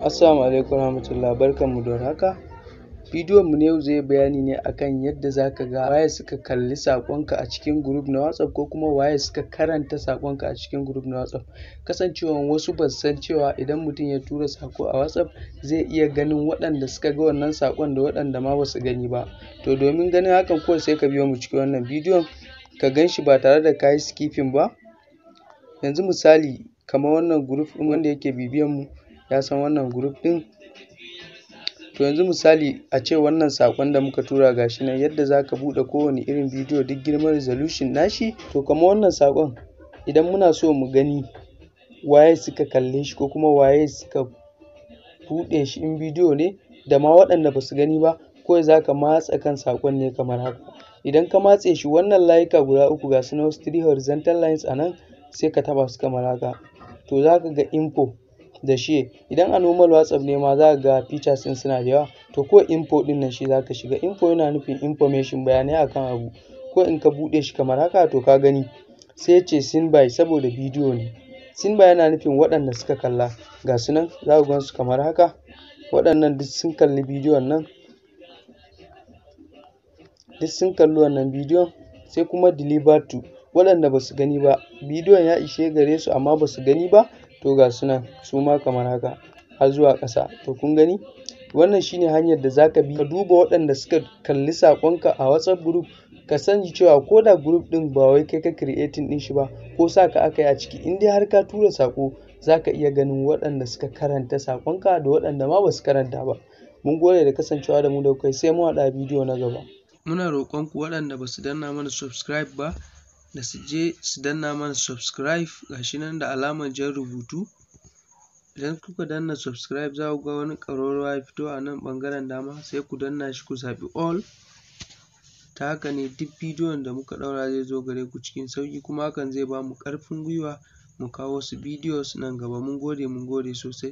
Assalamu alaikum barkan barkanmu da haka. Bidiyon mu na yau zai bayani ne akan yadda zaka ga waye suka kalli saƙonka a cikin group na WhatsApp ko kuma waye suka karanta saƙonka a cikin group na WhatsApp. Kasancewan wasu ba san cewa idan mutum ya tura saƙo a WhatsApp zai iya ganin waɗanda suka ga wannan saƙon da waɗanda ma basu gani ba. To domin ganin hakan kawai sai ka biyo mu cikin wannan bidiyon ka gan shi ba tare da kayi skipping ba. Yanzu misali kamar wannan group ɗin wanda yake bibiyan mu ya san wannan group ɗin to yanzu misali a ce wannan sakon da muka tura ga shi nan yadda za ka buɗe kowane irin bidiyo duk girman resolution nashi to kama wannan sakon idan muna so mu gani waye suka kalle shi ko kuma waye suka buɗe shi in bidiyo ne da ma waɗanda ba su gani ba kawai za ka matsa kan sakon ne kamar haka idan ka matse shi wannan layuka guda uku ga su na wasu three horizontal lines a nan sai ka taba su kamar haka to za ka ga info da she idan a normal whatsapp ne ma za ka ga features ɗin suna da yawa to ko info ɗin nan shi za ka shiga info yana nufin information bayanai akan abu ko in ka buɗe shi kamar haka to ka gani sai ya ce seen by saboda bidiyo ne seen by yana nufin waɗanda suka kalla ga su nan za ku gan su kamar haka waɗannan duk sun kalli bidiyon nan duk sun kalli wannan bidiyon sai kuma deliver to waɗanda ba su gani ba bidiyon ya ishe gare su amma ba su gani ba to ga su su ma kamar haka har zuwa ƙasa to kun gani wannan shine hanyar da zaka bi ka duba waɗanda suka kalli saƙonka a whatsapp group ka sani cewa ko da group ɗin ba wai kai ka creating ɗin shi ba ko sa ka aka yi a ciki in dai har ka tura saƙo zaka iya ganin waɗanda suka karanta saƙonka da waɗanda ma ba su karanta ba mun gode da kasancewa da mu da kai sai mu haɗa bidiyo na gaba muna roƙon ku waɗanda su danna mana subscribe ba da su je su danna mana subscribe gashi nan da alamar jan rubutu idan kuka danna subscribe za ku ga wani ƙararrawa ya fito a nan ɓangaren dama sai ku danna shi ku zaɓi all ta haka ne duk bidiyon da muka ɗaura zai zo gare ku cikin sauƙi kuma hakan zai ba mu ƙarfin gwiwa mu kawo wasu bidiyos nan gaba mun gode mun gode sosai